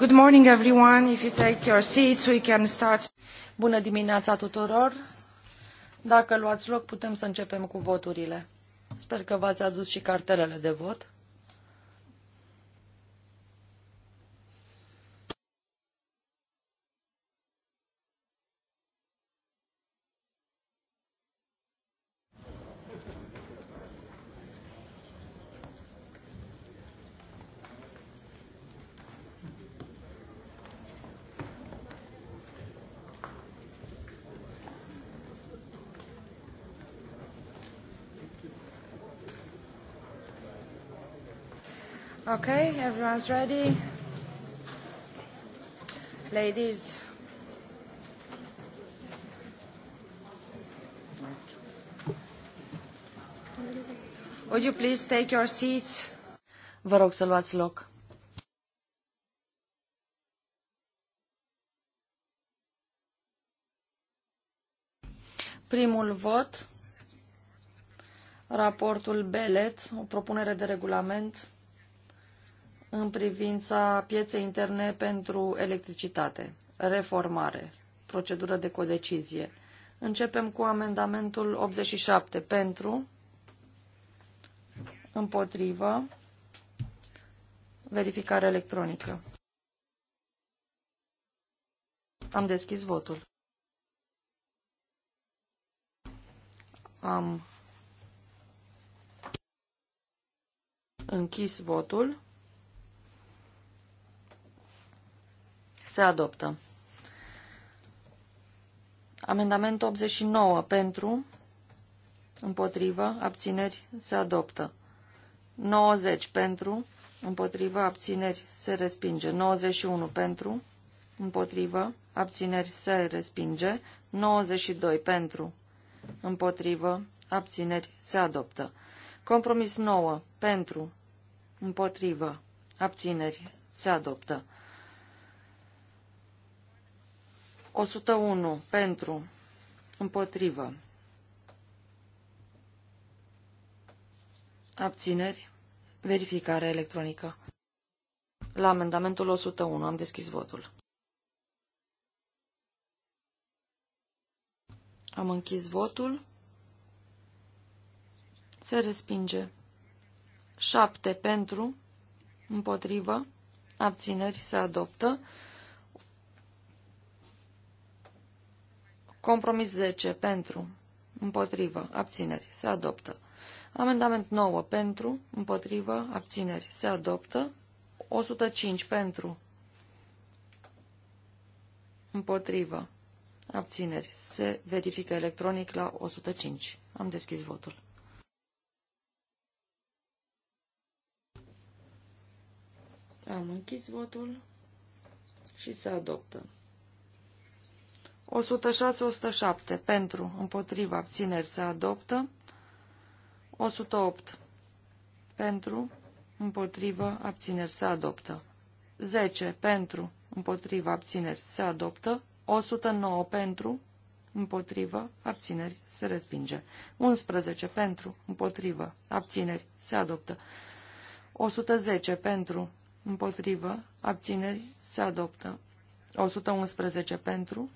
Good morning everyone. If you take your seats, we can start. Bună dimineața tuturor. Dacă luați loc, putem să începem cu voturile. Sper că v-ați adus și cartelele de vot. Okay, everyone's ready. Ladies. Would you please take your seats? Vă rog să luați loc. Primul vot, raportul Belet, o propunere de regulament în privința pieței interne pentru electricitate, reformare, procedură de codecizie. Începem cu amendamentul 87 pentru, împotrivă, verificare electronică. Am deschis votul. Am închis votul. Se adoptă. Amendamentul 89 pentru, împotrivă, abțineri, se adoptă. 90 pentru, împotrivă, abțineri, se respinge. 91 pentru, împotrivă, abțineri, se respinge. 92 pentru, împotrivă, abțineri, se adoptă. Compromis 9 pentru, împotrivă, abțineri, se adoptă. 101 pentru, împotrivă, abțineri, verificare electronică. La amendamentul 101 am deschis votul. Am închis votul. Se respinge. 7 pentru, împotrivă, abțineri se adoptă. Compromis 10 pentru, împotrivă, abțineri, se adoptă. Amendament 9 pentru, împotrivă, abțineri, se adoptă. 105 pentru, împotrivă, abțineri, se verifică electronic la 105. Am deschis votul. Am închis votul și se adoptă. 106-107 pentru, împotriva, abțineri se adoptă. 108 pentru, împotriva, abțineri se adoptă. 10 pentru, împotriva, abțineri se adoptă. 109 pentru, împotrivă, abțineri, se respinge. 11 pentru, împotrivă, abțineri, se adoptă. 110 pentru, împotrivă, abțineri, se adoptă. 111 pentru,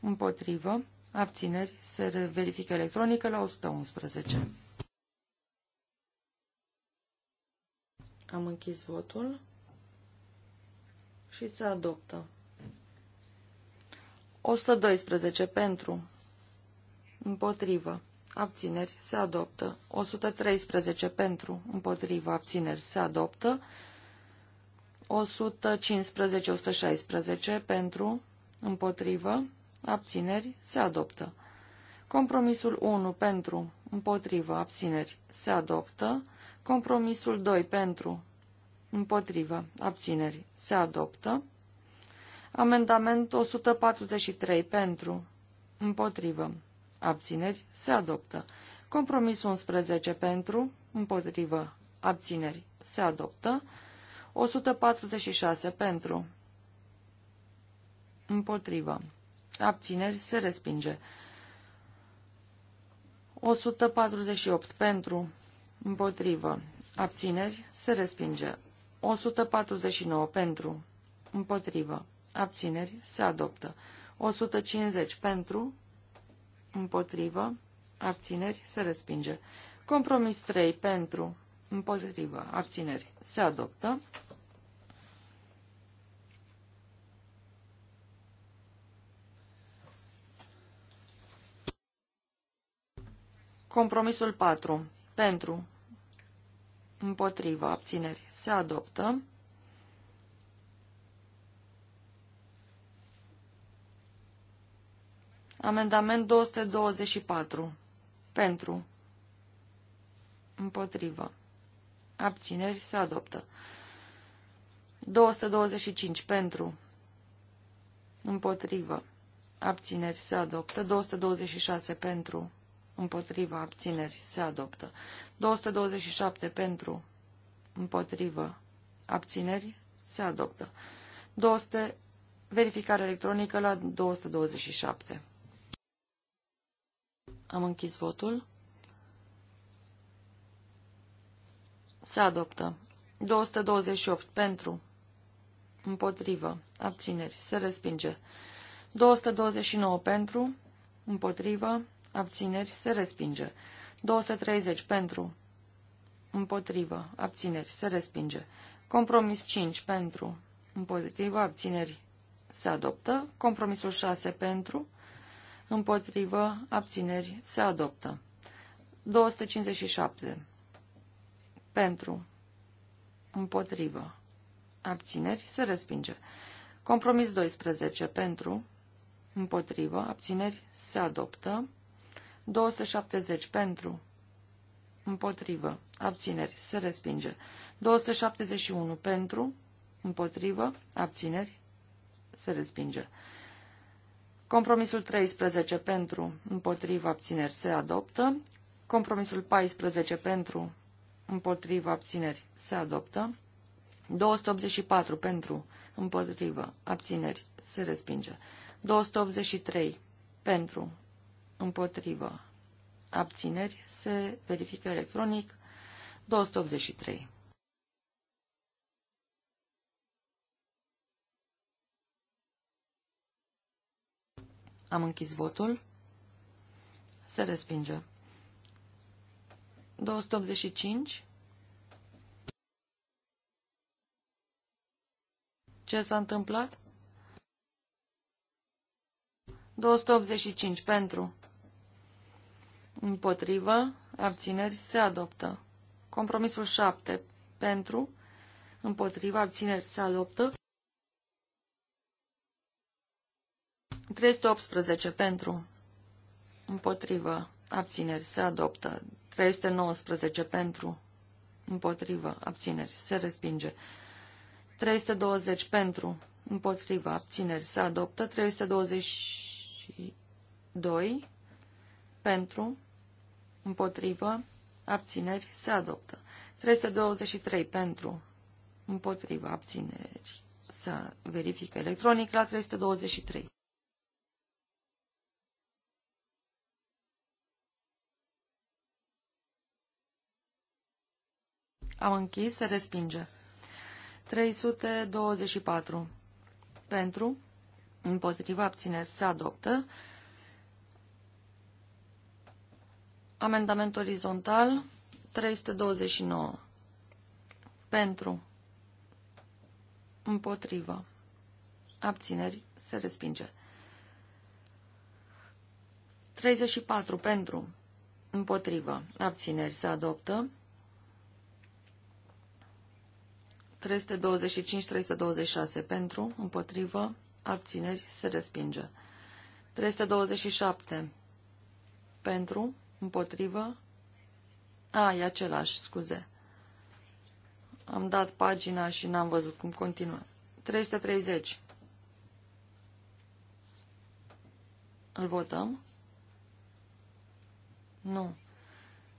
împotrivă, abțineri, se verifică electronică la 111. Am închis votul și se adoptă. 112 pentru, împotrivă, abțineri, se adoptă. 113 pentru, împotrivă, abțineri, se adoptă. 115-116 pentru, împotrivă, abțineri, se adoptă. Compromisul 1 pentru, împotrivă, abțineri, se adoptă. Compromisul 2 pentru, împotrivă, abțineri, se adoptă. Amendament 143 pentru, împotrivă, abțineri, se adoptă. Compromis 11 pentru, împotrivă, abțineri, se adoptă. 146 pentru, împotrivă, abțineri, se respinge. 148 pentru, împotrivă, abțineri, se respinge. 149 pentru, împotrivă, abțineri, se adoptă. 150 pentru, împotrivă, abțineri, se respinge. Compromis 3 pentru, împotrivă, abțineri, se adoptă. Compromisul 4. Pentru. împotriva Abțineri. Se adoptă. Amendament 224. Pentru. împotriva Abțineri. Se adoptă. 225. Pentru. împotriva Abțineri. Se adoptă. 226. Pentru împotriva abțineri se adoptă. 227 pentru împotriva abțineri se adoptă. 200 verificare electronică la 227. Am închis votul. Se adoptă. 228 pentru împotrivă, abțineri, se respinge. 229 pentru, împotrivă, abțineri, se respinge. 230 pentru, împotrivă, abțineri, se respinge. Compromis 5 pentru, împotrivă, abțineri, se adoptă. Compromisul 6 pentru, împotrivă, abțineri, se adoptă. 257 pentru, împotrivă, abțineri, se respinge. Compromis 12 pentru, împotrivă, abțineri, se adoptă. 270 pentru, împotrivă, abțineri, se respinge. 271 pentru, împotrivă, abțineri, se respinge. Compromisul 13 pentru, împotrivă, abțineri, se adoptă. Compromisul 14 pentru, împotrivă, abțineri, se adoptă. 284 pentru, împotrivă, abțineri, se respinge. 283 pentru, împotrivă, abțineri, se verifică electronic, 283. Am închis votul. Se respinge. 285. Ce s-a întâmplat? 285 pentru. Împotrivă. Abțineri se adoptă. Compromisul 7. Pentru. Împotrivă. Abțineri se adoptă. 318. Pentru. Împotrivă. Abțineri se adoptă. 319. Pentru. Împotrivă. Abțineri se respinge. 320. Pentru. Împotrivă. Abțineri se adoptă. 322. Pentru împotrivă, abțineri, se adoptă. 323 pentru, împotrivă, abțineri, să verifică electronic la 323. Am închis, se respinge. 324. Pentru, împotriva abțineri, se adoptă. Amendament orizontal 329. Pentru. Împotrivă. Abțineri. Se respinge. 34. Pentru. Împotrivă. Abțineri. Se adoptă. 325-326. Pentru. Împotrivă. Abțineri. Se respinge. 327. Pentru. Împotrivă? A, e același, scuze. Am dat pagina și n-am văzut cum continuă. 330. Îl votăm? Nu.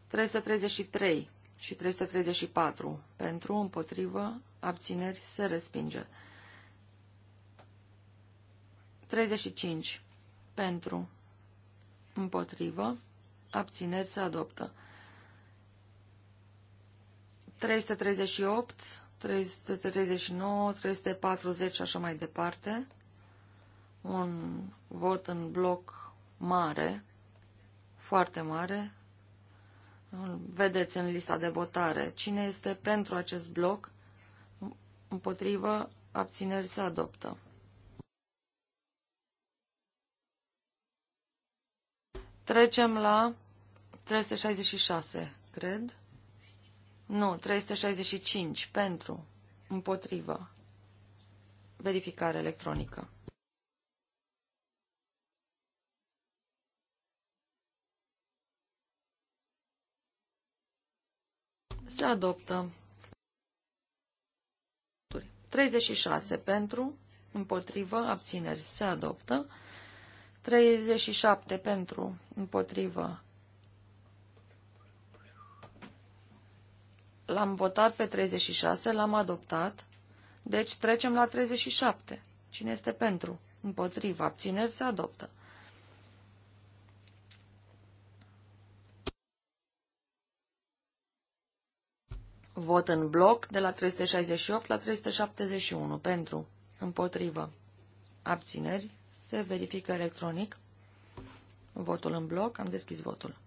333 și 334. Pentru, împotrivă, abțineri, se respinge. 35. Pentru, împotrivă, abțineri, se adoptă. 338, 339, 340 și așa mai departe. Un vot în bloc mare, foarte mare. Vedeți în lista de votare cine este pentru acest bloc, împotrivă, abțineri se adoptă. Trecem la 366, cred. Nu, 365, pentru, împotrivă, verificare electronică. Se adoptă 36 pentru, împotrivă, abțineri, se adoptă. 37 pentru, împotrivă. L-am votat pe 36, l-am adoptat. Deci trecem la 37. Cine este pentru? Împotrivă. Abțineri se adoptă. Vot în bloc de la 368 la 371. Pentru. Împotrivă. Abțineri. Se verifică electronic. Votul în bloc. Am deschis votul.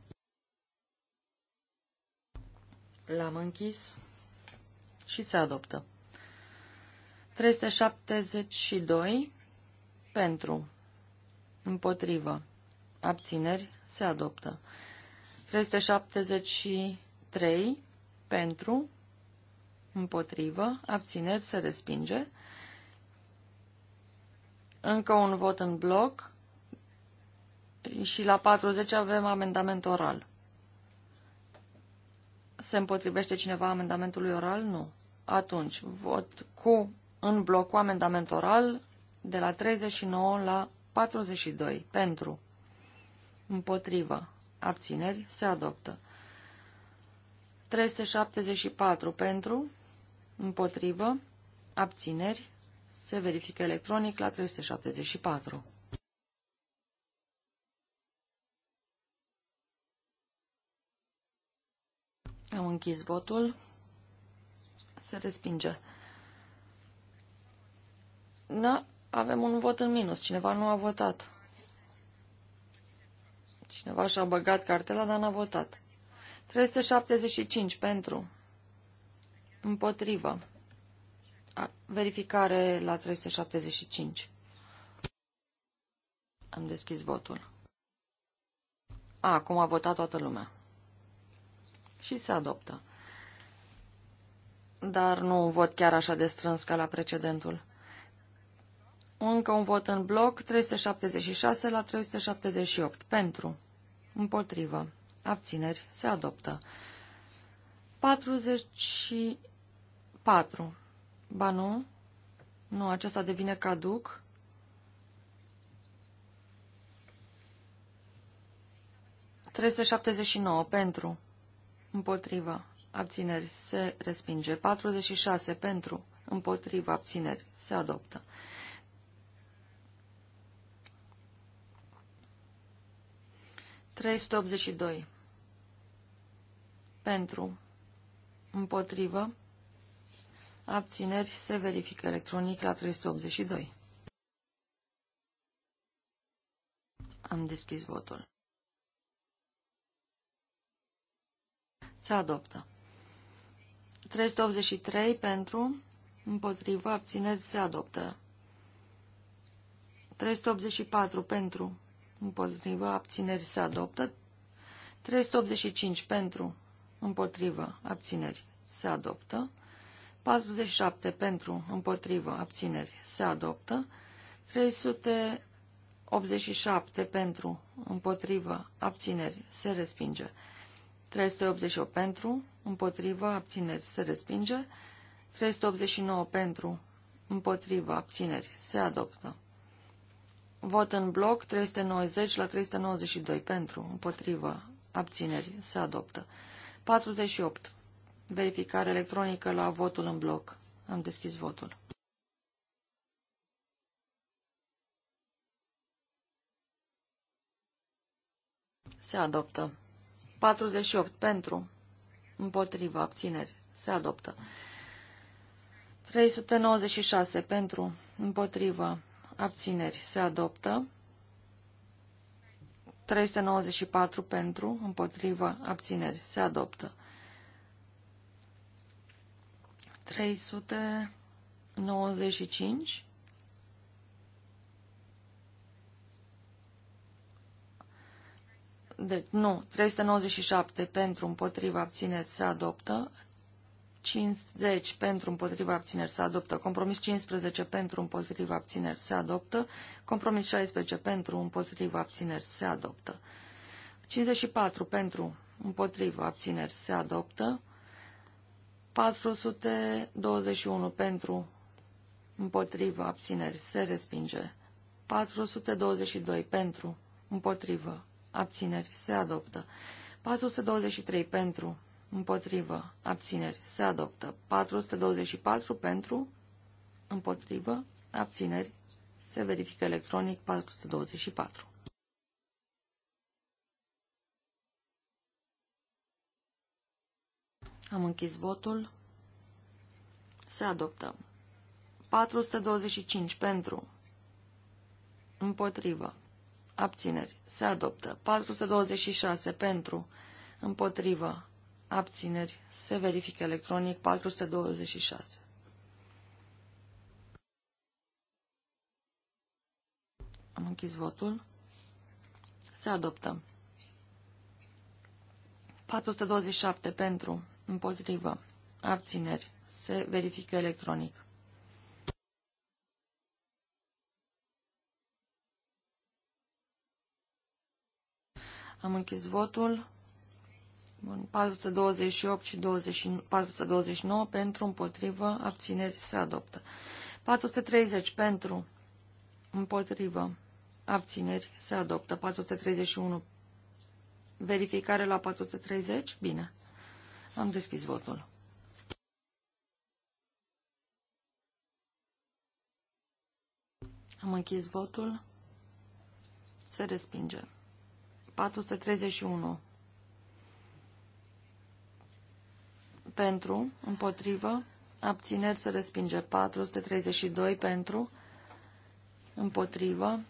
L-am închis și se adoptă. 372 pentru, împotrivă, abțineri, se adoptă. 373 pentru, împotrivă, abțineri, se respinge. Încă un vot în bloc și la 40 avem amendament oral. Se împotrivește cineva amendamentului oral? Nu. Atunci, vot cu în bloc cu amendament oral de la 39 la 42. Pentru. Împotrivă. Abțineri. Se adoptă. 374 pentru. Împotrivă. Abțineri. Se verifică electronic la 374. Am închis votul. Se respinge. Da, avem un vot în minus. Cineva nu a votat. Cineva și-a băgat cartela, dar n-a votat. 375 pentru. Împotrivă. Verificare la 375. Am deschis votul. A, acum a votat toată lumea. Și se adoptă. Dar nu un vot chiar așa de strâns ca la precedentul. Încă un vot în bloc, 376 la 378. Pentru. Împotrivă. Abțineri. Se adoptă. 44. Ba nu. Nu, acesta devine caduc. Trei și nouă pentru. Împotriva. Abțineri. Se respinge. 46 pentru. Împotriva. Abțineri. Se adoptă. Trei doi. Pentru. Împotrivă. Abțineri se verifică electronic la 382. Am deschis votul. Se adoptă. 383 pentru, împotrivă, abțineri se adoptă. 384 pentru, împotrivă, abțineri se adoptă. 385 pentru, împotrivă, abțineri se adoptă. 47 pentru, împotrivă, abțineri, se adoptă. 387 pentru, împotrivă, abțineri, se respinge. 388 pentru, împotrivă, abțineri, se respinge. 389 pentru, împotrivă, abțineri, se adoptă. Vot în bloc 390 la 392 pentru, împotrivă, abțineri, se adoptă. 48 Verificare electronică la votul în bloc. Am deschis votul. Se adoptă. 48 pentru. Împotrivă. Abțineri. Se adoptă. 396 pentru. Împotrivă. Abțineri. Se adoptă. 394 pentru. Împotrivă. Abțineri. Se adoptă. 395 De, deci, nu, 397 pentru împotriva abțineri se adoptă, 50 pentru împotriva abțineri se adoptă, compromis 15 pentru împotriva abțineri se adoptă, compromis 16 pentru împotriva abțineri se adoptă, 54 pentru împotriva abțineri se adoptă, 421 pentru, împotrivă, abțineri, se respinge. 422 pentru, împotrivă, abțineri, se adoptă. 423 pentru, împotrivă, abțineri, se adoptă. 424 pentru, împotrivă, abțineri, se verifică electronic 424. Am închis votul. Se adoptă. 425 pentru. Împotrivă. Abțineri. Se adoptă. 426 pentru. Împotrivă. Abțineri. Se verifică electronic. 426. Am închis votul. Se adoptă. 427 pentru. Împotrivă. Abțineri. Se verifică electronic. Am închis votul. Bun, 428 și 20, 429 pentru, împotrivă, abțineri se adoptă. 430 pentru, împotrivă, abțineri se adoptă. 431, verificare la 430, bine. Am deschis votul. Am închis votul. Se respinge. 431. Pentru, împotrivă, abțineri se respinge. 432 pentru, împotrivă,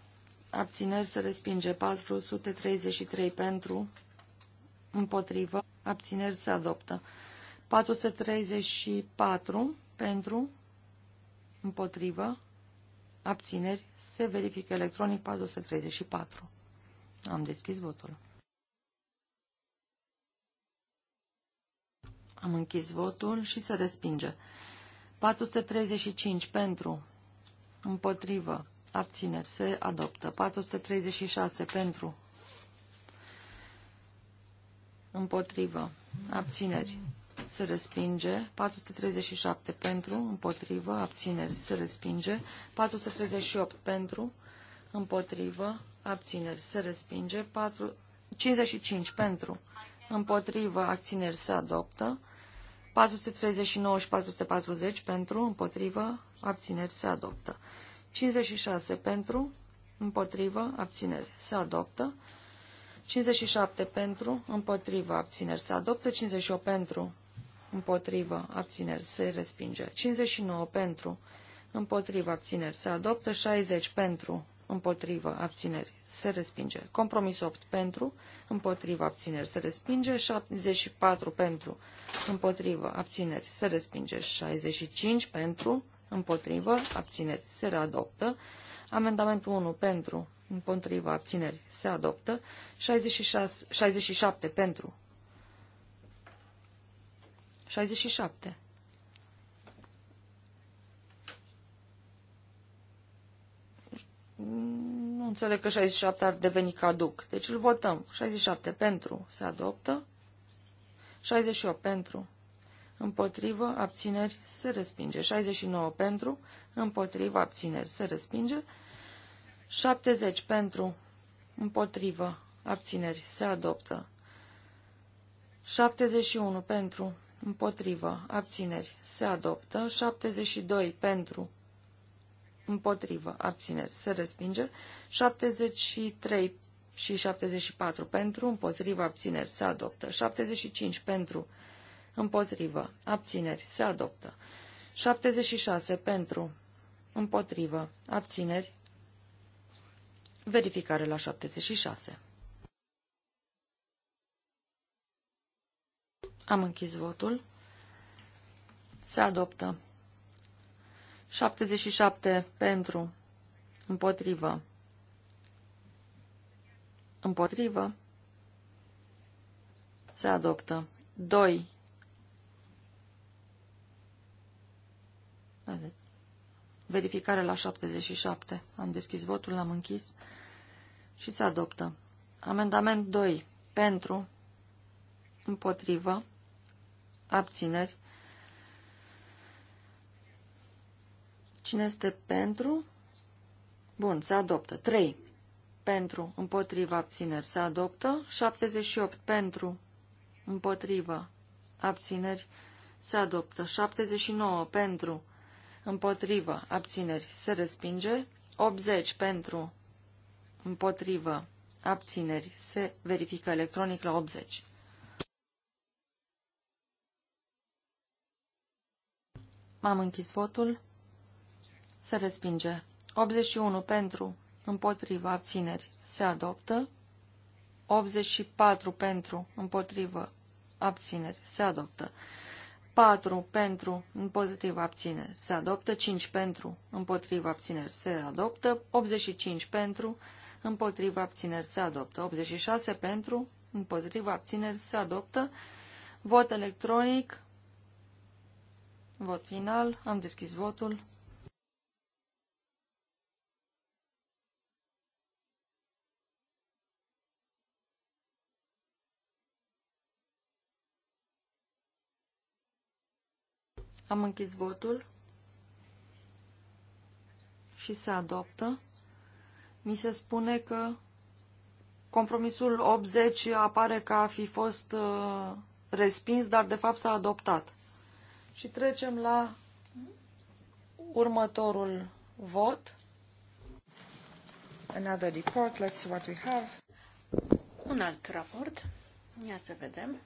abțineri se respinge. 433 pentru, împotrivă, abțineri se adoptă. 434 pentru, împotrivă, abțineri, se verifică electronic 434. Am deschis votul. Am închis votul și se respinge. 435 pentru, împotrivă, abțineri, se adoptă. 436 pentru, împotrivă, abțineri, se respinge, 437 pentru, împotrivă, abțineri, se respinge, 438 pentru, împotrivă, abțineri, se respinge, 4, 55 pentru, împotrivă, abțineri, se adoptă, 439 și 440 pentru, împotrivă, abțineri, se adoptă, 56 pentru, împotrivă, abțineri, se adoptă, 57 pentru, împotrivă, abțineri se adoptă. 58 pentru, împotrivă, abțineri se respinge. 59 pentru, împotrivă, abțineri se adoptă. 60 pentru, împotrivă, abțineri se respinge. Compromis 8 pentru, împotrivă, abțineri se respinge. 74 pentru, împotrivă, abțineri se respinge. 65 pentru, împotrivă, abțineri se readoptă. Amendamentul 1 pentru, împotriva abțineri se adoptă, 66, 67 pentru, 67. Nu înțeleg că 67 ar deveni caduc. Deci îl votăm. 67 pentru se adoptă, 68 pentru împotrivă, abțineri, se respinge. 69 pentru, împotrivă, abțineri, se respinge. 70 pentru, împotrivă, abțineri, se adoptă. 71 pentru, împotrivă, abțineri, se adoptă. 72 pentru, împotrivă, abțineri, se respinge. 73 și 74 pentru, împotrivă, abțineri, se adoptă. 75 pentru, împotrivă, abțineri, se adoptă. 76 pentru, împotrivă, abțineri, Verificare la 76. Am închis votul. Se adoptă. 77 pentru. Împotrivă. Împotrivă. Se adoptă. 2. Verificare la 77. Am deschis votul, l-am închis și se adoptă. Amendament 2. Pentru, împotrivă, abțineri. Cine este pentru? Bun, se adoptă. 3. Pentru, împotrivă, abțineri. Se adoptă. 78. Pentru, împotrivă, abțineri. Se adoptă. 79. Pentru, împotrivă, abțineri, se respinge. 80 pentru, împotrivă, abțineri, se verifică electronic la 80. M-am închis votul. Se respinge. 81 pentru, împotrivă, abțineri, se adoptă. 84 pentru, împotrivă, abțineri, se adoptă. 4 pentru, împotriva abțineri, se adoptă. 5 pentru, împotriva abțineri, se adoptă. 85 pentru, împotriva abțineri, se adoptă. 86 pentru, împotriva abțineri, se adoptă. Vot electronic. Vot final. Am deschis votul. Am închis votul și se adoptă. Mi se spune că compromisul 80 apare ca a fi fost uh, respins, dar de fapt s-a adoptat. Și trecem la următorul vot. Another report. Let's see what we have. Un alt raport. Ia să vedem.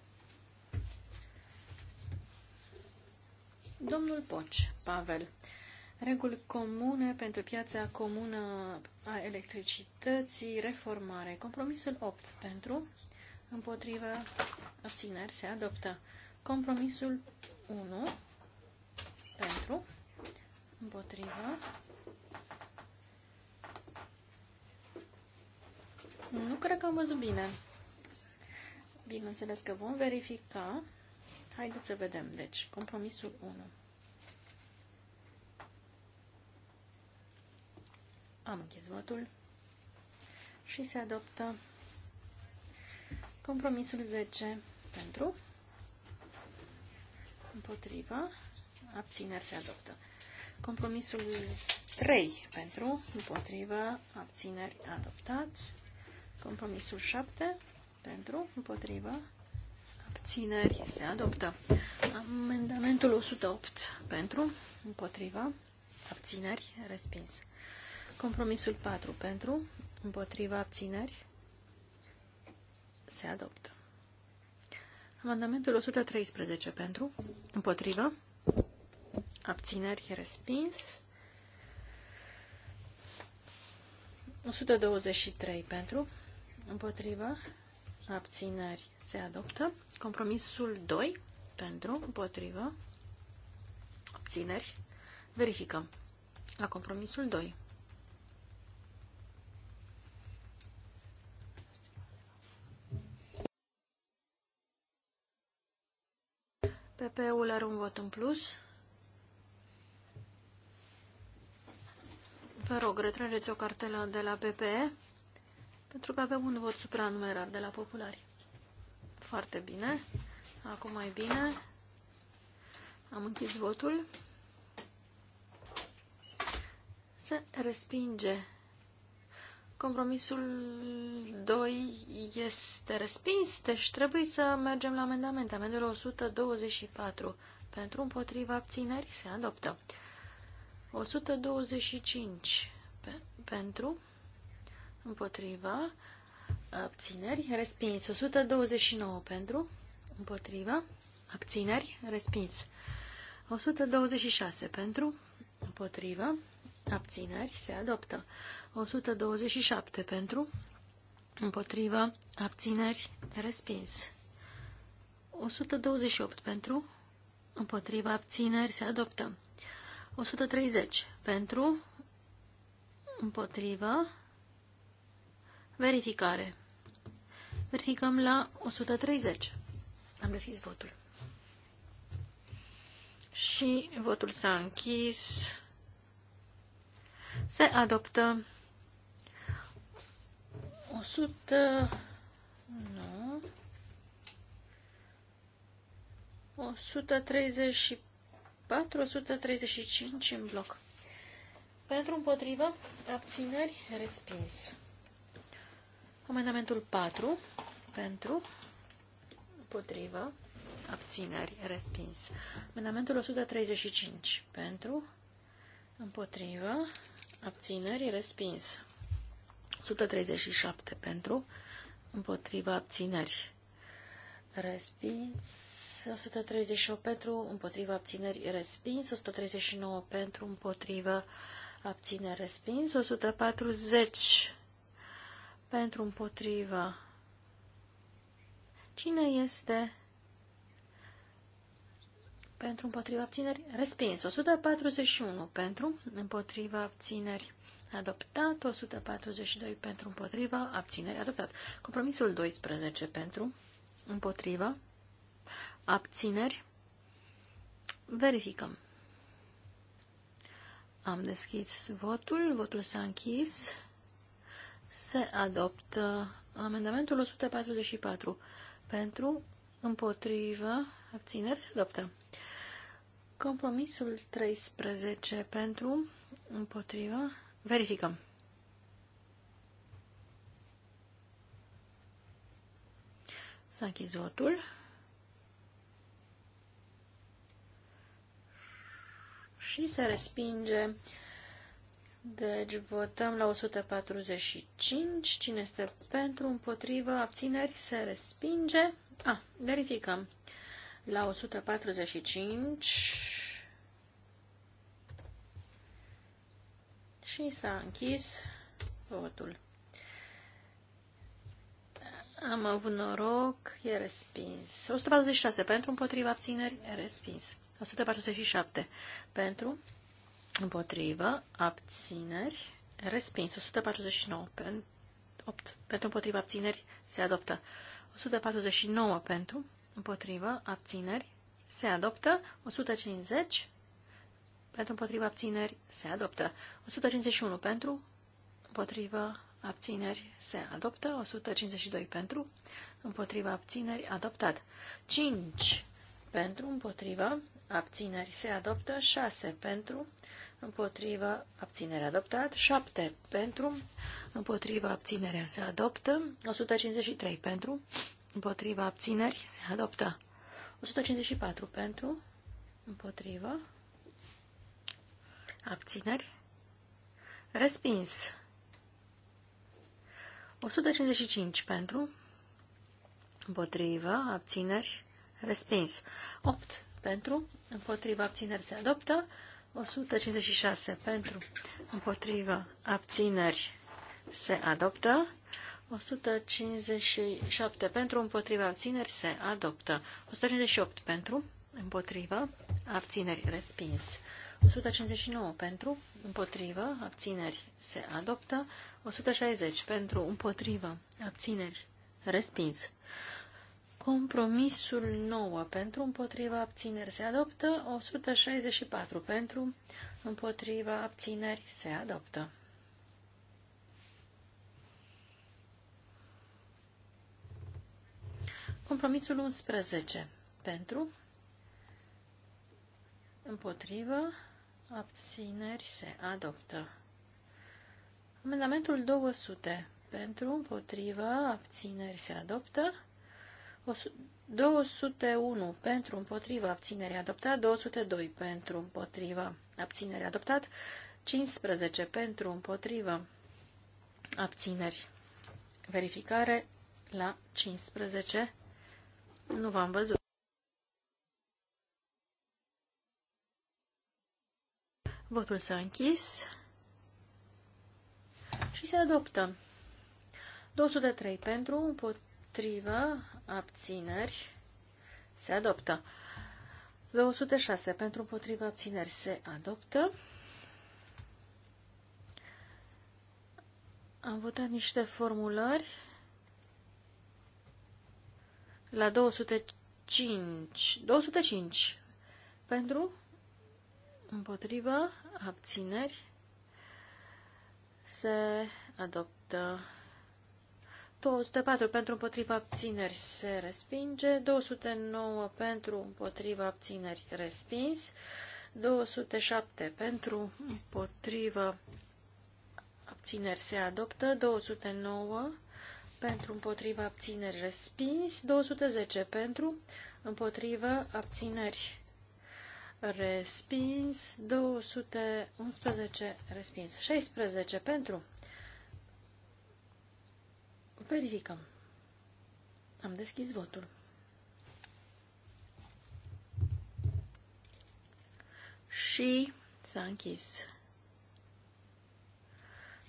Domnul Poci, Pavel, reguli comune pentru piața comună a electricității, reformare, compromisul 8 pentru, împotrivă, abțineri, se adoptă. Compromisul 1 pentru, împotrivă, nu cred că am văzut bine. Bineînțeles că vom verifica Haideți să vedem. Deci, compromisul 1. Am închis votul și se adoptă compromisul 10 pentru, împotriva, abțineri se adoptă. Compromisul 3 pentru, împotriva, abțineri adoptat. Compromisul 7 pentru, împotriva, abțineri, se adoptă. Amendamentul 108 pentru, împotriva, abțineri, respins. Compromisul 4 pentru, împotriva, abțineri, se adoptă. Amendamentul 113 pentru, împotriva, abțineri, respins. 123 pentru, împotriva, abțineri, se adoptă. Compromisul 2 pentru, împotrivă, Obțineri. Verificăm. La compromisul 2. PP-ul are un vot în plus. Vă rog, retrageți o cartelă de la PPE, pentru că avem un vot supranumerar de la populari. Foarte bine. Acum mai bine. Am închis votul. Se respinge. Compromisul 2 este respins, deci trebuie să mergem la amendament. Amendul 124. Pentru împotriva abțineri se adoptă. 125 pe, pentru împotriva abțineri, respins. 129 pentru, împotriva, abțineri, respins. 126 pentru, împotriva, abțineri, se adoptă. 127 pentru, împotriva, abțineri, respins. 128 pentru, împotriva, abțineri, se adoptă. 130 pentru, împotriva, verificare. Verificăm la 130. Am deschis votul. Și votul s-a închis. Se adoptă 100... Nu. 134, 135 în bloc. Pentru împotrivă, abțineri, respins. Amendamentul 4 pentru, împotrivă, abțineri, respins. Amendamentul 135 pentru, împotrivă, abțineri, respins. 137 pentru, împotriva abțineri. Respins 138 pentru, împotriva abțineri respins, 139 pentru, împotriva abțineri respins, 140 pentru împotrivă. Cine este pentru împotriva abțineri? Respins. 141 pentru împotriva abțineri. Adoptat. 142 pentru împotriva abțineri. Adoptat. Compromisul 12 pentru împotriva abțineri. Verificăm. Am deschis votul. Votul s-a închis se adoptă. Amendamentul 144 pentru, împotrivă, abțineri se adoptă. Compromisul 13 pentru, împotrivă, verificăm. S-a închis votul. Și se respinge deci votăm la 145. Cine este pentru, împotrivă, abțineri, se respinge. A, verificăm. La 145. Și s-a închis votul. Am avut noroc, e respins. 146 pentru, împotriva abțineri, e respins. 147 pentru, împotrivă, abțineri, respins. 149 pentru 8 pentru împotrivă, abțineri se adoptă. 149 pentru împotrivă, abțineri se adoptă. 150 pentru împotrivă, abțineri se adoptă. 151 pentru împotrivă, abțineri se adoptă. 152 pentru împotrivă, abțineri adoptat. 5 pentru împotrivă, abțineri se adoptă, 6 pentru, împotrivă, abținere adoptat, 7 pentru, împotrivă, abținerea se adoptă, 153 pentru, împotrivă, abțineri se adoptă, 154 pentru, împotrivă, abțineri, respins, 155 pentru, împotrivă, abțineri, respins, 8 pentru, împotriva abțineri se adoptă, 156 pentru, împotriva abțineri se adoptă, 157 pentru, împotriva abțineri se adoptă, 158 pentru, împotriva abțineri respins. 159 pentru, împotrivă, abțineri se adoptă, 160 pentru, împotrivă, abțineri respins, Compromisul 9 pentru împotriva abțineri se adoptă, 164 pentru împotriva abțineri se adoptă. Compromisul 11 pentru împotriva abțineri se adoptă. Amendamentul 200 pentru împotriva abțineri se adoptă. 201 pentru împotriva abținere adoptat, 202 pentru împotriva abținere adoptat, 15 pentru împotriva abțineri. Verificare la 15. Nu v-am văzut. Votul s-a închis și se adoptă. 203 pentru, împot împotrivă, abțineri, se adoptă. 206 pentru împotrivă, abțineri, se adoptă. Am votat niște formulări. La 205. 205 pentru împotrivă, abțineri, se adoptă. 204 pentru împotriva abțineri se respinge, 209 pentru împotriva abțineri respins, 207 pentru împotriva abțineri se adoptă, 209 pentru împotriva abțineri respins, 210 pentru împotriva abțineri respins, 211 respins, 16 pentru Verificăm. Am deschis votul. Și s-a închis.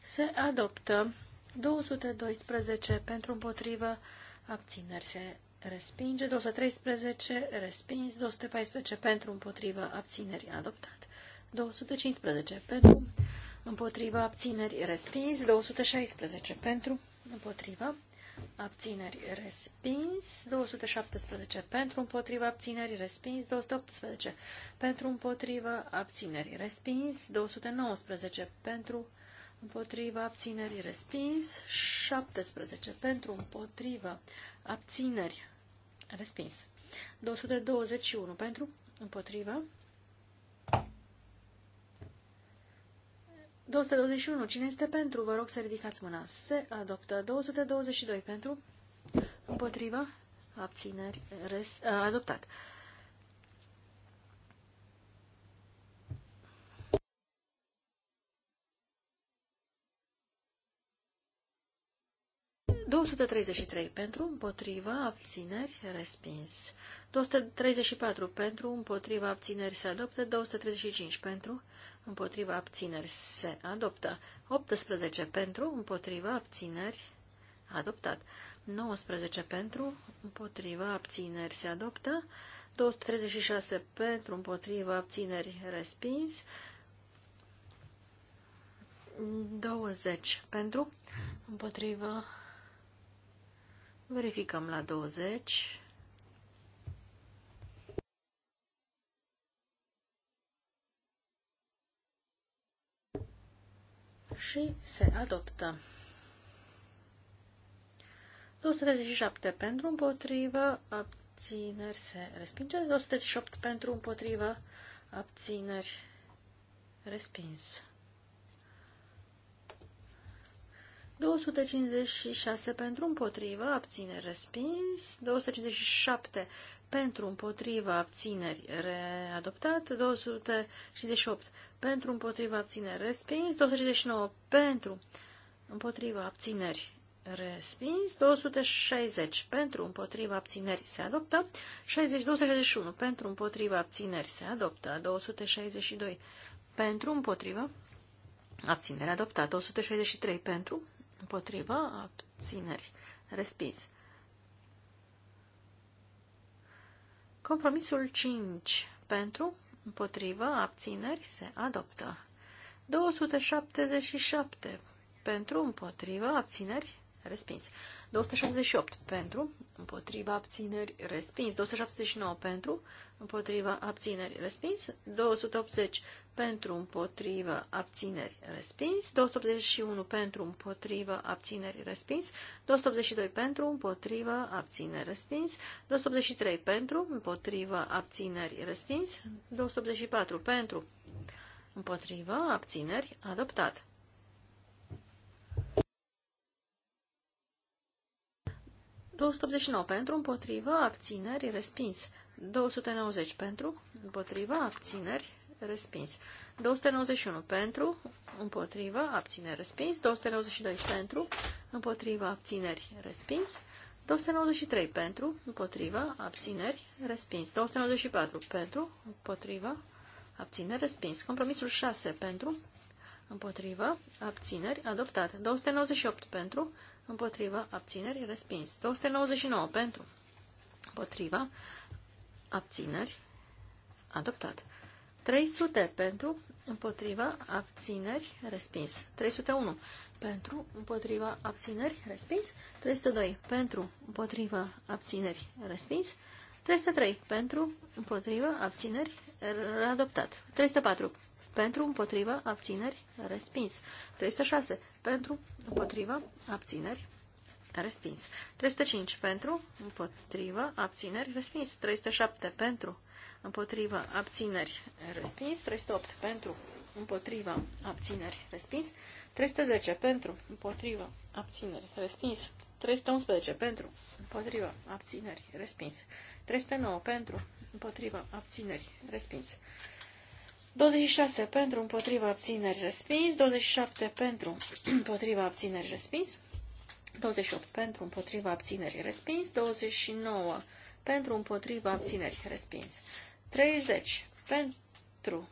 Se adoptă 212 pentru împotrivă, abțineri se respinge, 213 respins, 214 pentru împotrivă, abțineri adoptat, 215 pentru împotrivă, abțineri respins, 216 pentru împotrivă, abțineri respins, 217 pentru împotrivă, abțineri respins, 218 pentru împotrivă, abțineri respins, 219 pentru împotrivă, abțineri respins, 17 pentru împotrivă, abțineri respins, 221 pentru împotrivă, 221. Cine este pentru? Vă rog să ridicați mâna. Se adoptă. 222 pentru. Împotriva. Abțineri. Res, adoptat. ...233 pentru, împotriva, abțineri, respins. 234 pentru, împotriva, abțineri, se adoptă. 235 pentru, împotriva abțineri se adoptă. 18 pentru, împotriva abțineri adoptat. 19 pentru, împotriva abțineri se adoptă. 236 pentru, împotriva abțineri respins. 20 pentru, împotriva. Verificăm la 20. și se adoptă. 237 pentru împotrivă, abțineri se respinge, 238 pentru împotrivă, abțineri respins. 256 pentru împotrivă, abțineri respins, 257 pentru împotrivă, abțineri readoptat, 258 pentru împotriva abțineri respins, 269 pentru împotriva abțineri respins, 260 pentru împotriva abțineri se adoptă, 60, 261 pentru împotriva abțineri se adoptă, 262 pentru împotriva abțineri adoptat, 263 pentru împotriva abțineri respins. Compromisul 5 pentru Împotrivă, abțineri, se adoptă. 277. Pentru, împotrivă, abțineri, respins. 268 pentru, împotriva abțineri, respins. 279 pentru, împotriva abțineri, respins. 280 pentru, împotriva abțineri, respins. 281 pentru, împotriva abțineri, respins. 282 pentru, împotriva abțineri, respins. 283 pentru, împotriva abțineri, respins. 284 pentru, împotriva abțineri, adoptat. 289 pentru, împotrivă, abțineri, respins. 290 pentru, împotrivă, abțineri, respins. 291 pentru, împotrivă, abțineri, respins. 292 pentru, împotrivă, abțineri, respins. 293 pentru, împotrivă, abțineri, respins. 294 pentru, împotrivă, abțineri, respins. Compromisul 6 pentru, împotrivă, abțineri, adoptat. 298 pentru, împotriva, abțineri, respins. 299 pentru, împotriva, abțineri, adoptat. 300 pentru, împotriva, abțineri, respins. 301 pentru, împotriva, abțineri, respins. 302 pentru, împotriva, abțineri, respins. 303 pentru, împotriva, abțineri, adoptat. 304 pentru, împotrivă, abțineri, respins. 306. Pentru, împotrivă, abțineri, respins. 305. Pentru, împotrivă, abțineri, respins. 307. Pentru, împotrivă, abțineri, respins. 308. Pentru, împotrivă, abțineri, respins. 310 pentru, împotrivă, abțineri, respins. 311 pentru, împotrivă, abțineri, respins. 309 pentru, împotrivă, abțineri, respins. 26 pentru împotriva abțineri respins, 27 pentru împotriva abțineri respins, 28 pentru împotriva abțineri respins, 29 pentru împotriva abțineri respins, 30 pentru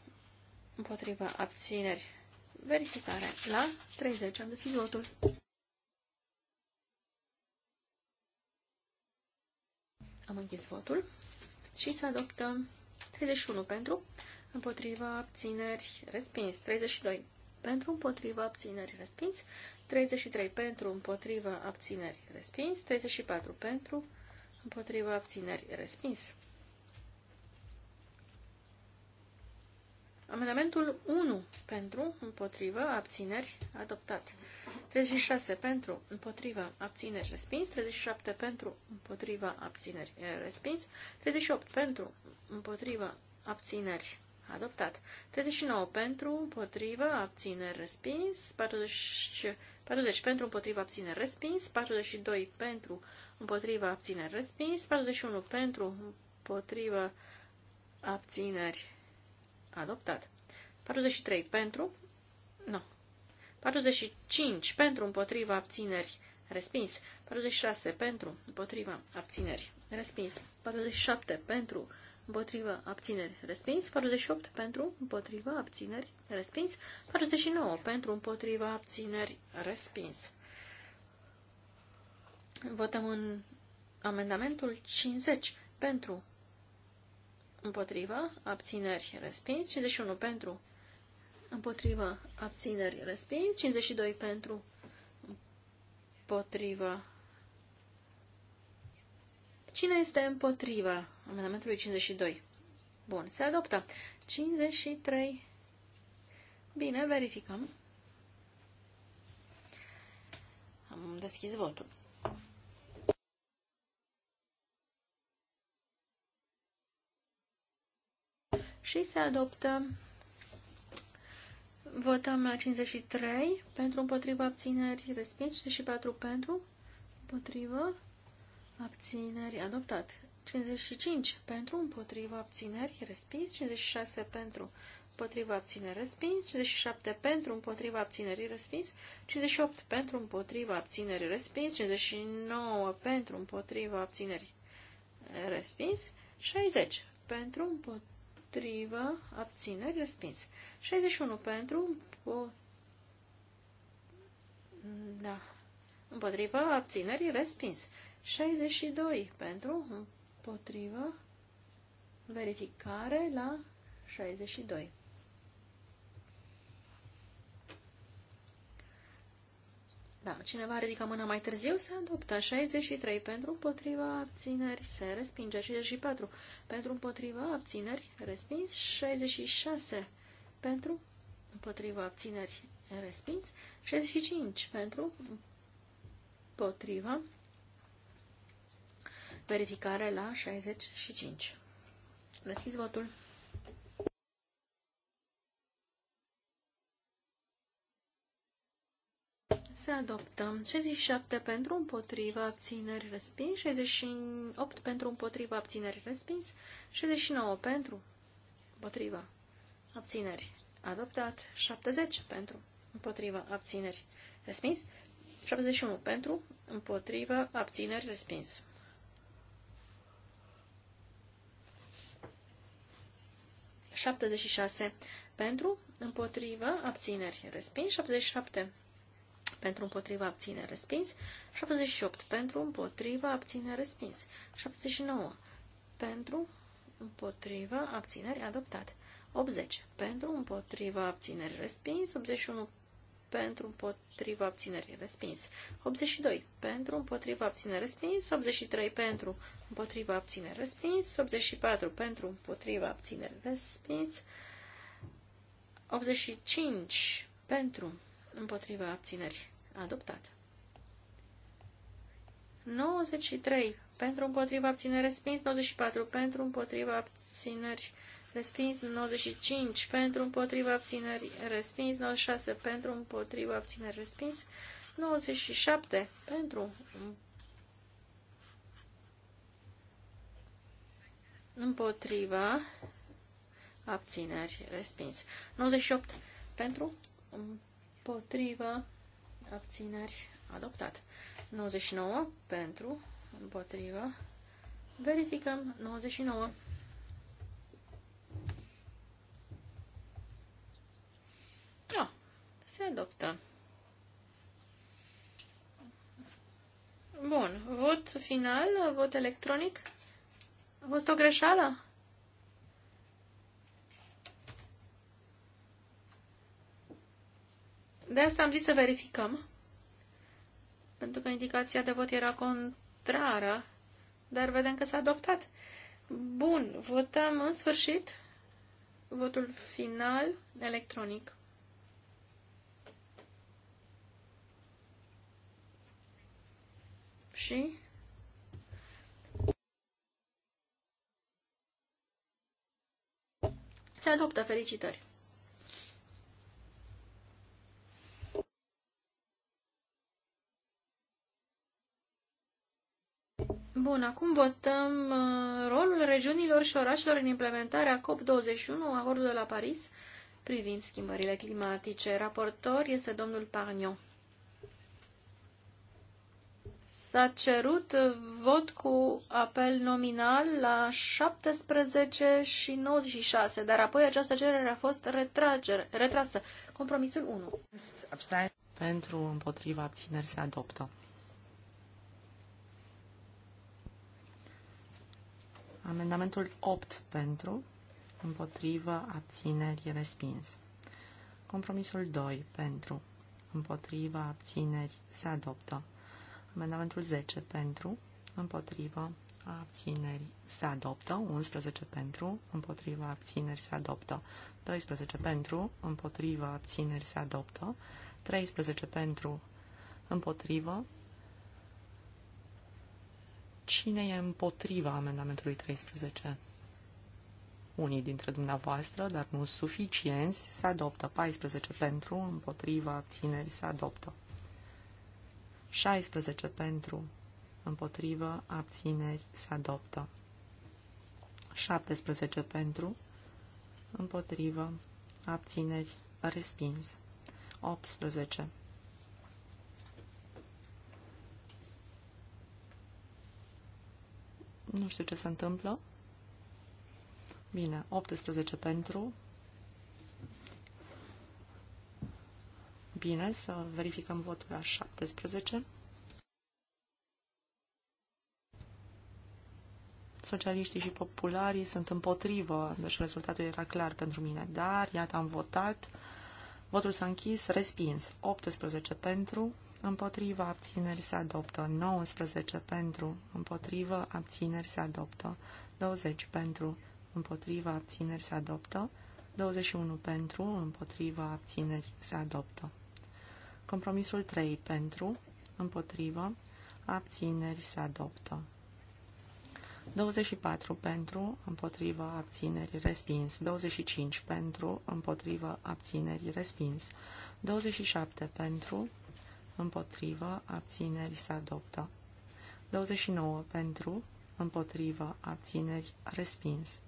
împotriva abțineri verificare la 30 am deschis votul. Am închis votul și se adoptă 31 pentru împotriva abțineri respins. 32 pentru împotriva abțineri respins. 33 pentru împotriva abțineri respins. 34 pentru împotriva abțineri respins. Amendamentul 1 pentru, împotriva abțineri, adoptat. 36 pentru, împotriva abțineri, respins. 37 pentru, împotriva abțineri, respins. 38 pentru, împotriva abțineri, adoptat. 39 pentru, împotrivă, abține, respins. 40, 40 pentru, împotrivă, abține, respins. 42 pentru, împotrivă, abține, respins. 41 pentru, împotrivă, abțineri, adoptat. 43 pentru, nu. 45 pentru, împotrivă, abțineri, respins. 46 pentru, împotrivă, abțineri, respins. 47 pentru, împotrivă, abțineri, respins. 48 pentru, împotrivă, abțineri, respins. 49 pentru, împotrivă, abțineri, respins. Votăm în amendamentul 50 pentru, împotrivă, abțineri, respins. 51 pentru, împotrivă, abțineri, respins. 52 pentru, împotrivă, Cine este împotriva amendamentului 52? Bun, se adoptă. 53. Bine, verificăm. Am deschis votul. Și se adoptă. Votăm la 53 pentru împotriva abțineri respins, 54 pentru împotriva abțineri, adoptat. 55 pentru, împotriva, abțineri, respins. 56 pentru, împotriva, abțineri, respins. 57 pentru, împotriva, abțineri, respins. 58 pentru, împotriva, abțineri, respins. 59 pentru, împotriva, abțineri, respins. 60 pentru, împotriva, abțineri, respins. 61 pentru, împotriva, da, împotriva abținerii respins. 62 pentru împotrivă, verificare la 62. Da, cineva ridică mâna mai târziu, se adoptă 63 pentru împotriva abțineri, se respinge 64 pentru împotriva abțineri, respins 66 pentru împotriva abțineri, respins 65 pentru Potrivă. Verificare la 65. Lăsiți votul. Se adoptă 67 pentru împotriva abțineri respins, 68 pentru împotriva abțineri respins, 69 pentru împotriva abțineri adoptat, 70 pentru împotriva abțineri respins, 71 pentru, împotrivă, abțineri, respins. șase pentru, împotrivă, abțineri, respins. 77 pentru, împotrivă, abțineri, respins. 78 pentru, împotrivă, abțineri, respins. 79 pentru, împotrivă, abțineri, adoptat. 80 pentru, împotrivă, abțineri, respins. 81 pentru împotriva abțineri respins. 82 pentru împotriva abțineri respins. 83 pentru împotriva abțineri respins. 84 pentru împotriva abțineri respins. 85 pentru împotriva abțineri adoptat. 93 pentru împotriva abțineri respins. 94 pentru împotriva abțineri respins 95 pentru împotriva abținerii. respins, 96 pentru împotriva abținerii. respins, 97 pentru împotriva abțineri respins, 98 pentru împotriva abțineri adoptat, 99 pentru împotriva verificăm 99 Se adoptă. Bun. Vot final, vot electronic. A fost o greșeală? De asta am zis să verificăm. Pentru că indicația de vot era contrară. Dar vedem că s-a adoptat. Bun. Votăm în sfârșit votul final electronic. și se adoptă. Felicitări! Bun, acum votăm uh, rolul regiunilor și orașelor în implementarea COP21, acordul de la Paris, privind schimbările climatice. Raportor este domnul Pagnon. S-a cerut vot cu apel nominal la 17 și 96, dar apoi această cerere a fost retragere, retrasă. Compromisul 1. Pentru împotriva abțineri se adoptă. Amendamentul 8 pentru împotriva abțineri respins. Compromisul 2 pentru împotriva abțineri se adoptă. Amendamentul 10 pentru, împotrivă, abțineri se adoptă, 11 pentru, împotrivă, abțineri se adoptă, 12 pentru, împotrivă, abțineri se adoptă, 13 pentru, împotrivă. Cine e împotriva amendamentului 13? Unii dintre dumneavoastră, dar nu suficienți, se adoptă 14 pentru, împotriva abțineri se adoptă. 16 pentru, împotrivă, abțineri, se adoptă. 17 pentru, împotrivă, abțineri, respins. 18. Nu știu ce se întâmplă. Bine, 18 pentru, bine să verificăm votul la 17. Socialiștii și popularii sunt împotrivă, deci rezultatul era clar pentru mine, dar iată am votat, votul s-a închis, respins, 18 pentru, împotrivă, abțineri se adoptă, 19 pentru, împotrivă, abțineri se adoptă, 20 pentru, împotrivă, abțineri se adoptă, 21 pentru, împotrivă, abțineri, se adoptă. Compromisul 3 pentru, împotrivă, abțineri se adoptă. 24 pentru, împotrivă, abțineri, respins. 25 pentru, împotrivă, abțineri, respins. 27 pentru, împotrivă, abțineri, se adoptă. 29 pentru, împotrivă, abțineri, respins.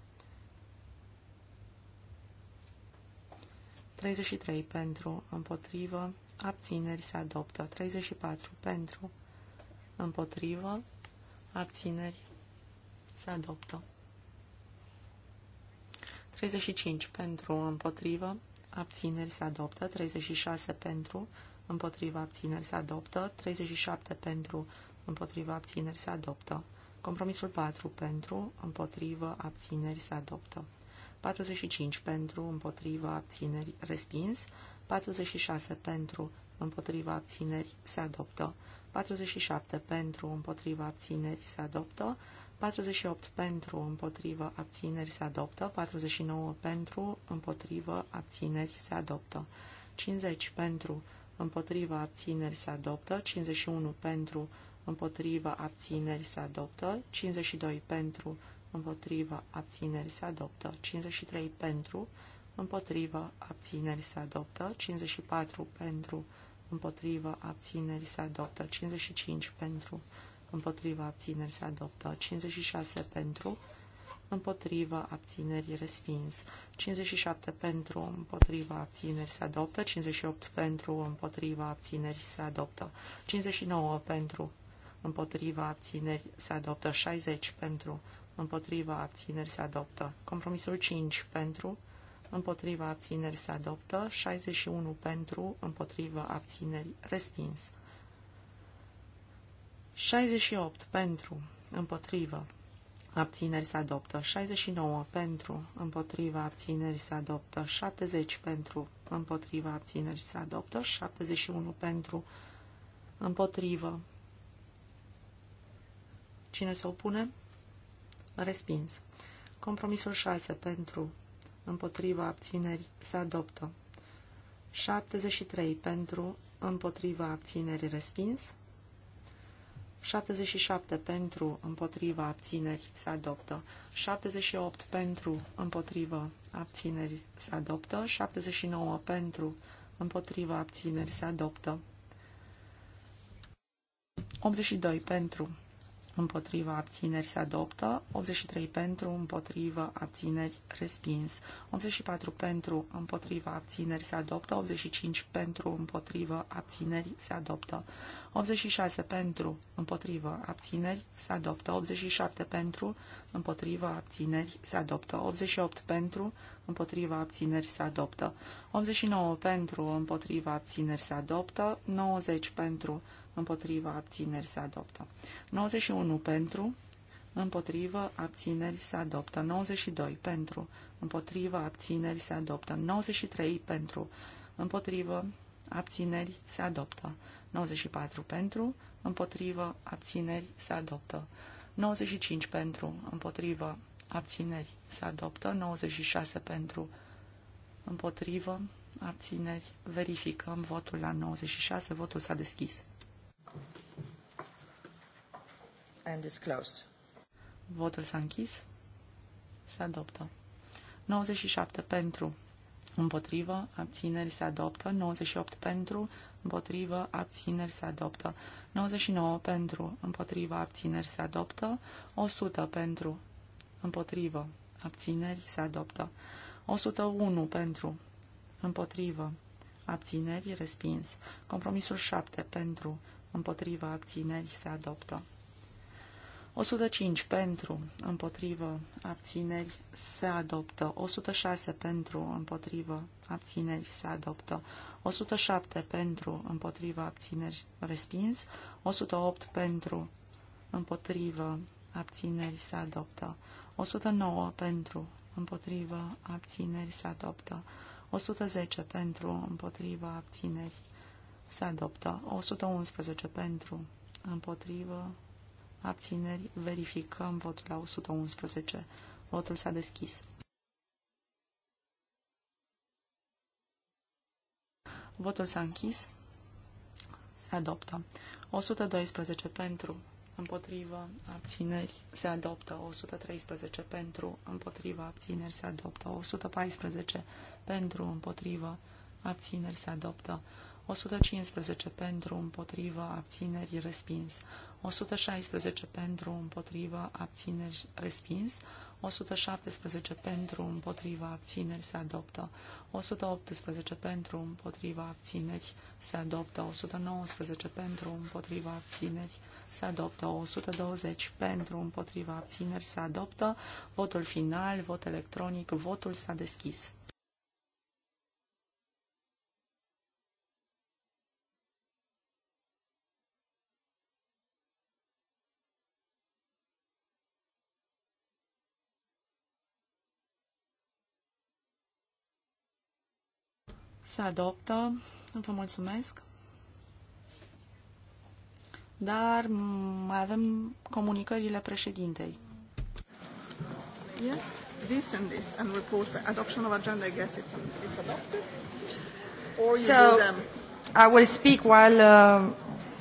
33 pentru, împotrivă, abțineri se adoptă. 34 pentru, împotrivă, abțineri se adoptă. 35 pentru, împotrivă, abțineri se adoptă. 36 pentru, împotriva abțineri se adoptă. 37 pentru, împotriva abțineri se adoptă. Compromisul 4 pentru, împotrivă, abțineri se adoptă. 45 pentru, împotrivă, abțineri respins. 46 pentru, împotriva abțineri se adoptă. 47 pentru, împotriva abțineri se adoptă. 48 pentru, împotriva abțineri se adoptă. 49 pentru, împotriva abțineri se adoptă. 50 pentru, împotriva abțineri se adoptă. 51 pentru, împotriva abțineri se adoptă. 52 pentru, împotriva abțineri se adoptă. 53 pentru, împotrivă, abțineri se adoptă, 54 pentru, împotrivă, abțineri se adoptă, 55 pentru, împotrivă, abțineri se adoptă, 56 pentru, împotrivă, abțineri respins, 57 pentru, împotrivă, abțineri se adoptă, 58 pentru, împotrivă, abțineri se adoptă, 59 pentru, împotrivă, abțineri se adoptă, 60 pentru, împotrivă, abțineri se adoptă, compromisul 5 pentru, împotriva abțineri se adoptă, 61 pentru, împotriva abțineri respins. 68 pentru, împotrivă, abțineri se adoptă, 69 pentru, împotriva abțineri se adoptă, 70 pentru, împotriva abțineri se adoptă, 71 pentru, împotrivă. Cine se opune? Respins. Compromisul 6 pentru, împotriva abținerii se adoptă. 73 pentru, împotriva abținerii respins. 77 pentru, împotriva abțineri se adoptă. 78 pentru, împotriva abțineri se adoptă. 79 pentru, împotriva abțineri se adoptă. 82 pentru, împotriva abțineri se adoptă, 83 pentru, împotriva abțineri respins, 84 pentru, împotriva abțineri se adoptă, 85 pentru, împotriva abțineri se adoptă, 86 pentru, împotriva abțineri se adoptă, 87 pentru, împotriva abțineri se adoptă, 88 pentru, împotriva abțineri se adoptă, 89 pentru, împotriva abțineri se adoptă, 90 pentru, împotriva abțineri se adoptă. 91 pentru, împotrivă abțineri se adoptă. 92 pentru, împotriva abțineri se adoptă. 93 pentru, împotrivă abțineri se adoptă. 94 pentru, împotrivă abțineri se adoptă. 95 pentru, împotrivă abțineri se adoptă. 96 pentru, împotrivă abțineri. Verificăm votul la 96, votul s-a deschis. And it's closed. Votul s-a închis. Se adoptă. 97 pentru, împotrivă, abțineri se adoptă. 98 pentru, împotrivă, abțineri se adoptă. 99 pentru, împotrivă, abțineri se adoptă. 100 pentru, împotrivă, abțineri se adoptă. 101 pentru, împotrivă, abțineri respins. Compromisul 7 pentru, împotrivă, abțineri, se adoptă. 105 pentru, împotrivă, abțineri, se adoptă. 106 pentru, împotrivă, abțineri, se adoptă. 107 pentru, împotrivă, abțineri, respins. 108 pentru, împotrivă, abțineri, se adoptă. 109 pentru, împotrivă, abțineri, se adoptă. 110 pentru, împotrivă, abțineri, se adoptă. 111 pentru, împotrivă, abțineri, verificăm votul la 111. Votul s-a deschis. Votul s-a închis. Se adoptă. 112 pentru, împotrivă, abțineri, se adoptă. 113 pentru, împotrivă, abțineri, se adoptă. 114 pentru, împotrivă, abțineri, se adoptă. 115 pentru, împotrivă, abțineri, respins. 116 pentru, împotrivă, abțineri, respins. 117 pentru, împotriva, abțineri, se adoptă. 118 pentru, împotriva, abțineri, se adoptă. 119 pentru, împotriva, abțineri, se adoptă. 120 pentru, împotriva, abțineri, se adoptă. Votul final, vot electronic, votul s-a deschis. Se adoptă. Vă mulțumesc. Dar mai avem comunicările președintei. Yes, this and this and report by adoption of agenda, I guess it's, it's adopted. Or you so, do them. I will speak while uh,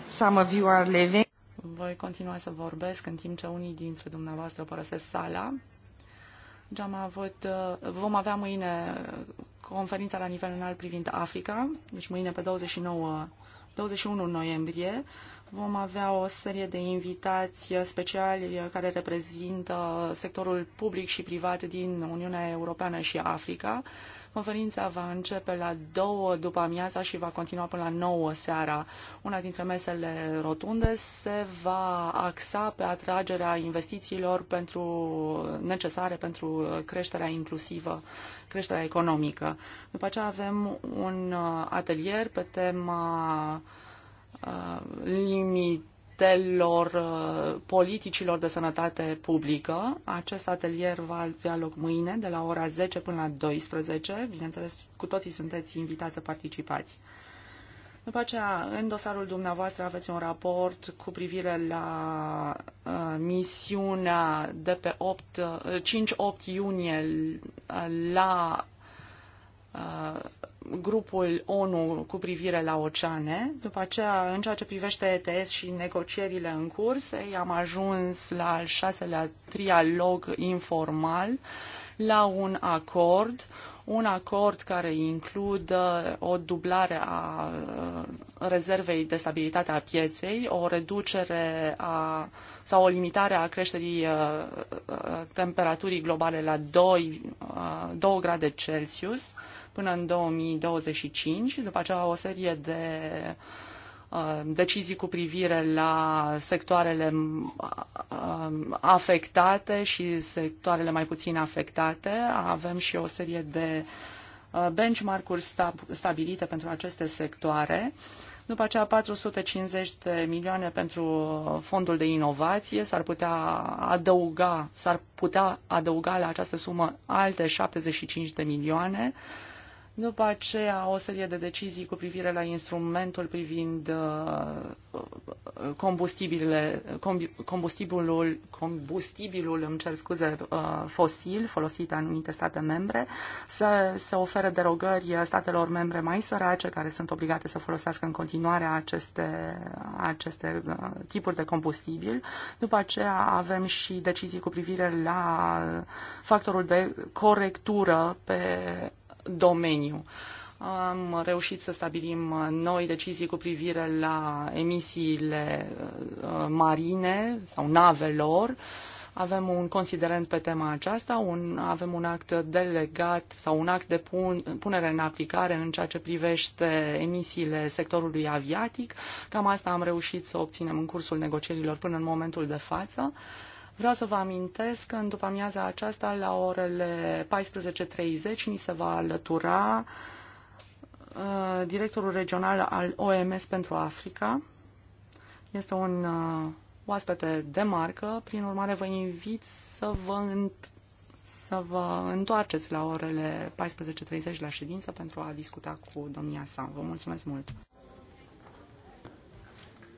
some of you are leaving. Voi continua să vorbesc în timp ce unii dintre dumneavoastră părăsesc sala. Deja am avut, uh, vom avea mâine conferința la nivel înalt privind Africa, deci mâine pe 29, 21 noiembrie. Vom avea o serie de invitați speciali care reprezintă sectorul public și privat din Uniunea Europeană și Africa Conferința va începe la două după amiaza și va continua până la nouă seara. Una dintre mesele rotunde se va axa pe atragerea investițiilor pentru, necesare pentru creșterea inclusivă, creșterea economică. După aceea avem un uh, atelier pe tema uh, limit proiectelor uh, politicilor de sănătate publică. Acest atelier va avea loc mâine de la ora 10 până la 12. Bineînțeles, cu toții sunteți invitați să participați. După aceea, în dosarul dumneavoastră aveți un raport cu privire la uh, misiunea de pe 8, uh, 5-8 iunie la uh, grupul ONU cu privire la oceane. După aceea, în ceea ce privește ETS și negocierile în curs, am ajuns la al șaselea trialog informal, la un acord, un acord care includă o dublare a uh, rezervei de stabilitate a pieței, o reducere a, sau o limitare a creșterii uh, uh, temperaturii globale la 2, 2 grade Celsius, până în 2025, după aceea o serie de uh, decizii cu privire la sectoarele uh, afectate și sectoarele mai puțin afectate. Avem și o serie de uh, benchmark-uri stabilite pentru aceste sectoare. După aceea 450 de milioane pentru fondul de inovație, s-ar putea adăuga, s-ar putea adăuga la această sumă alte 75 de milioane. Uh, după aceea, o serie de decizii cu privire la instrumentul privind uh, combustibilele, combustibilul, combustibilul, îmi cer scuze, uh, fosil folosit în anumite state membre, să se ofere derogări statelor membre mai sărace care sunt obligate să folosească în continuare aceste, aceste uh, tipuri de combustibil. După aceea avem și decizii cu privire la factorul de corectură pe domeniu. Am reușit să stabilim noi decizii cu privire la emisiile uh, marine sau navelor. Avem un considerent pe tema aceasta, un, avem un act delegat sau un act de pun, punere în aplicare în ceea ce privește emisiile sectorului aviatic. Cam asta am reușit să obținem în cursul negocierilor până în momentul de față. Uh, Vreau să vă amintesc că în după amiaza aceasta, la orele 14.30, ni se va alătura uh, directorul regional al OMS pentru Africa. Este un uh, oaspete de marcă, prin urmare vă invit să vă, înt- să vă întoarceți la orele 14.30 la ședință pentru a discuta cu domnia sa. Vă mulțumesc mult!